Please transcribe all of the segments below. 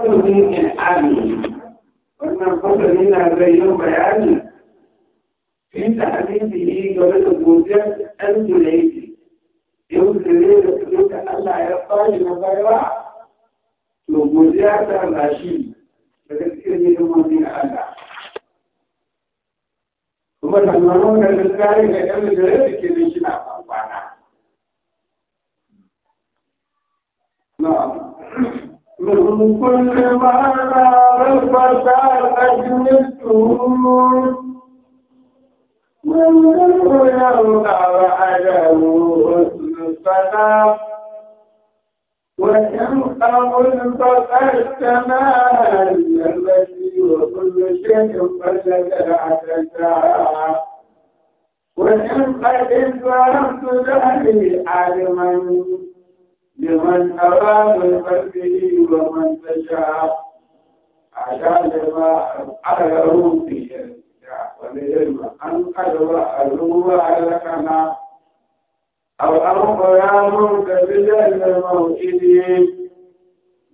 من إنعامه wannan fasalin na zai yi bayani fi da hadisi game da godiyar ɗan zulaiti yau zure da su da Allah ya fari na baiwa to godiya ta lashi da gaskiyar hidimomi na Allah kuma da manon da tsari ga ɗan zulaiti ke da shi na kwana. Na'am. من كل ما نعرف فأجملتهم من يرضى وعده حسن الصلاة وينقض البصر كما الذي وكل شيء قد عددا وينقض الظرف ذلك علما لمن أراد قلبه ومن تشاء على لما على روحه وللعلم أن أدوى الروح على كما أو أمر يا ملك بجل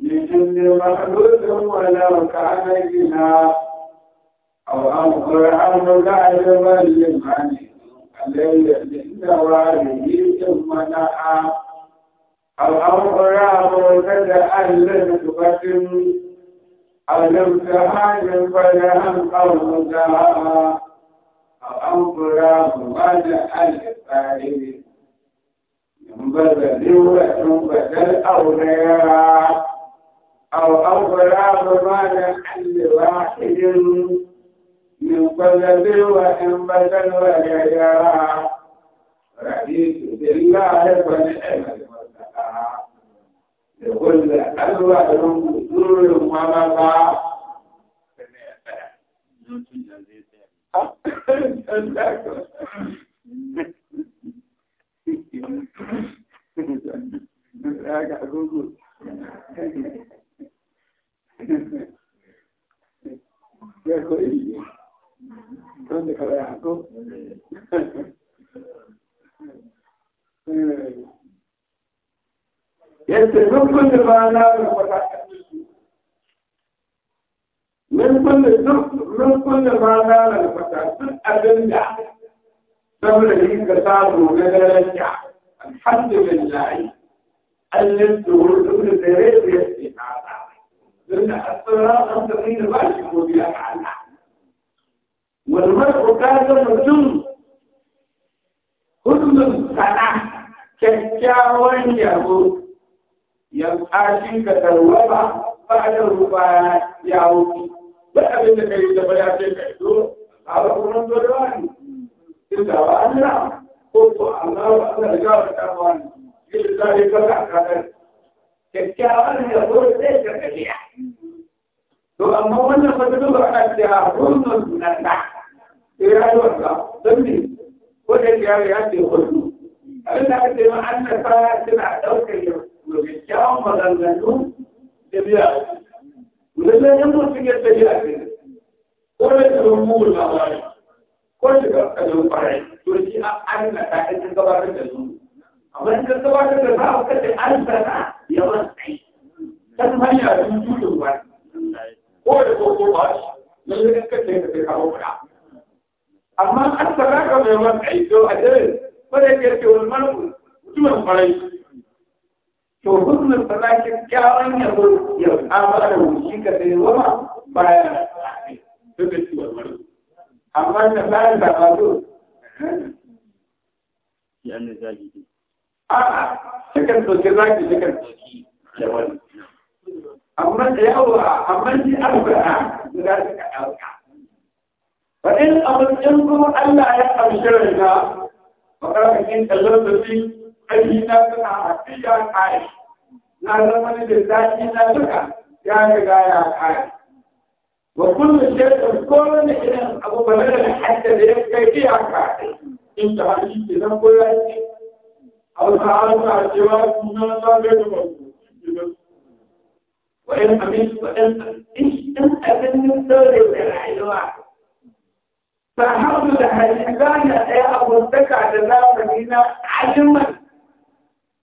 لجن مخلوق ولو كان جنا أو لمن الليل ثم أو أخرى مرتدى لم تقدم أو لم تهاجم فلا هم أو مدعى أو أخرى مبادئ للفاعل ينبذل وتنبذل أو نيرى أو أخرى مبادئ لواحد ينبذل وتنبذل ونيرى رأيت بالله فنعم da wanda alwarin zurin mana ba Ya koyi, yace min kulli ma na min kulli duk min kulli ma na la fata duk abin da saboda yin ka samu na daraja alhamdulillah allin tuhur duk da ya yi hada dan asara an tafi ba shi ko biya Allah wal mar'u kaza mutum hudun sana kyakkyawan yabo ينقاشنك توبة بعد الرباع يعود وأبن كيد بلا تكتو على قرن دلوان إلا وأنا قلت الله وأنا رجال الأمان إلا يقلع قدر كتابان يقول ليس كتيا تو أما وانا فتدو رأتها قرن من النحو إيه الوضع ضمني كل اللي يأتي قرن أنا أتمنى أن سمع دوك رمضان لكم جميعا ولكن يمر في التجارب كل الأمور مواعيد كل كلام فرعي ترجي أنا كائن كبار الجنون أما إن كبار الجنون فأكد ألف سنة يوم سعيد كم هي تنجوز بعد كل كل باش من لك كتير في كلامنا أما أكثر كم يوم سعيد جو أجل فلكن الملك ثم فرعي to husnul fala kyakkyawan yabo ya kama da shi ka sai zama baya duk da ciwon wani amma da bayan da ba zo ya ne zaki ne a cikin soke zaki cikin soki da wani amma da yawa amma shi alba'a guda ka ɗauka fa in abin in kuma Allah ya amshi rana fa karakin kallon da shi ƙarfi na suna hafi ya kare na zama ne da zaƙi na duka ya riga ya kare wa kullum shekar kowane irin abu ba da hajjar da ya kai ya kare in da hali ke zan koya ce hausa hausa cewa suna na gani ba wa'in abin wa'in in abin yin dole da rayuwa sahabu da hajjana ɗaya abun daga da zamani na aliman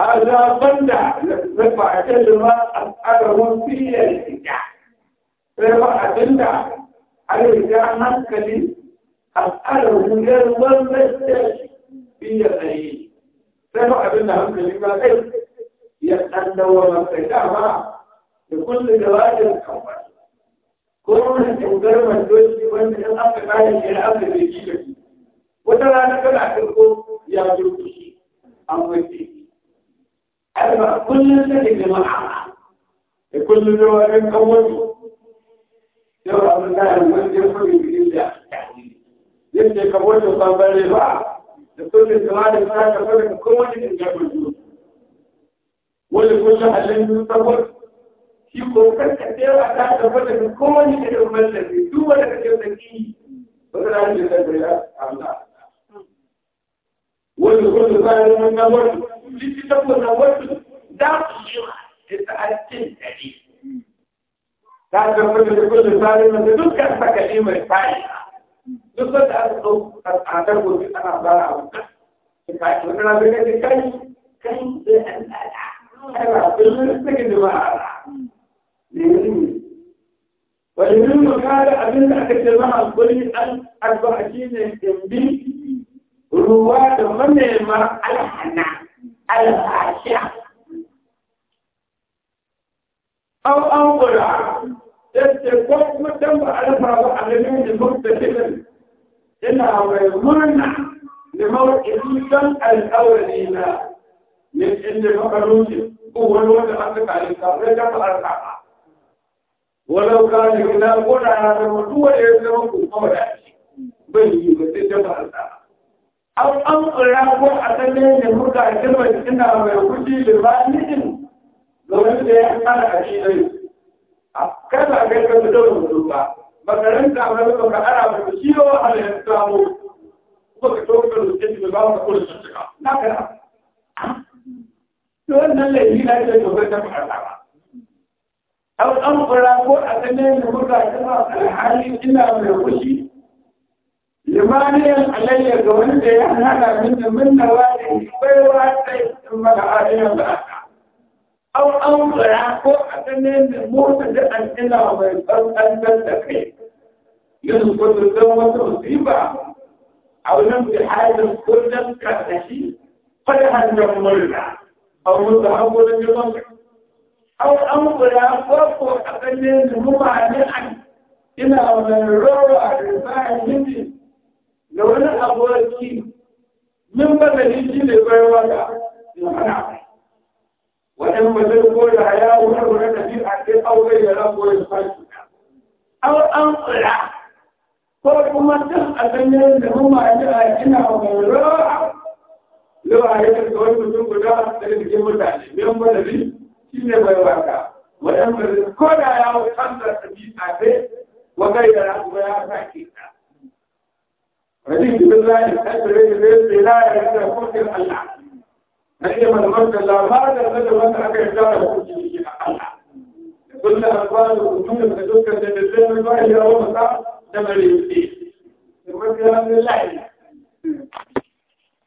هذا بند رفع كلمة أسأله في الارتجاع رفع كلمة الارتجاع نسكلي أسأله غير والمسج في الأيين رفع كلمة هم كلمة غير يسأل وما استجاب لكل جواد الأول كون تنقر من دوشي وان من أفقاه إلى أفقه وترى أنا كلا أحرقه يا جوتي أمتي tare ba kullum sai da jama'a da kullum da wani kawai yau abin da ya mun je kuma bikin da yadda ka wato bambare ba da kullum kuma da kuma da kuma da kuma da da kuma wani kullum halin sun saboda shi ko kanka tsayawa ta tabbata da kuma da da kuma da duk wanda kake da ki ba za ka yi da Allah wani kullum bayan mun ga wani liti saboda wasu za su yi da ta'addin dare. Ta ga wanda da kullum tsarin da dukkan sakali mai fayi. Duk wanda aka zo a tsadar gobe ana bara a wuta. Ka ci wani rabin da kai kai da an tsada. Kai rabin da suke da ba a ra. Wani yin makara abin da aka ce ma a guri an arba'a shi ne in bi ruwa da manema ala الخاشعة أو أنظر تستقف متم على فرض علمين المبتدئين إنها ويمنع لموعدهم الأولين من إن المخلوق هو الوضع أنك على الكافرين على ولو كان هناك ولا هذا الموضوع يلزمكم قول بل يمثل جبهة الكعبة an an tsira ko a tsanin da muka girma ina mai kuɗi da ba nijin da wani da ya kana a shi dai a kada ga ka da mutum ba makaranta ba da ka ara ba shi yo hal ya samu ko ka to ka rubuce da ba ka kula da ka na kana to wannan laifi na da ka ta fara ba an an tsira ko a tsanin da muka girma alhali ina mai kuɗi limaniyar alayya ga wanda ya hana min minna wani baiwa ta yi mana ariyar da aka an an tsaya ko a ganin da motsa da an ina mai tsantsantar da kai yin kudu don wata musiba a wajen bi halin kudin karkashi fada hannun murna a wurin hankulin jiman an an tsaya ko a ganin da mutane an ina mai rawa a rizayen yini da wani aboki min ba da shi ne bai waka in hana wannan ba zai koya ya wuce wani tafiya sai aure ya rabu ya fashi au an tsira ko kuma tun a ganin da mu ma ji a ina wani yau a yi da wani mutum guda da jikin mutane min ba da shi ne bai waka wannan ba zai koya ya wuce wani tafiya sai wani ya rabu ya fashi رضيت بالله الحمد لله لا إلا كل الله نعم المرك الله ما هذا الذي وانا حكى إدارة كل الله كل أخبار وجود من ذلك الذين من الله يوم القيامة لما يفتي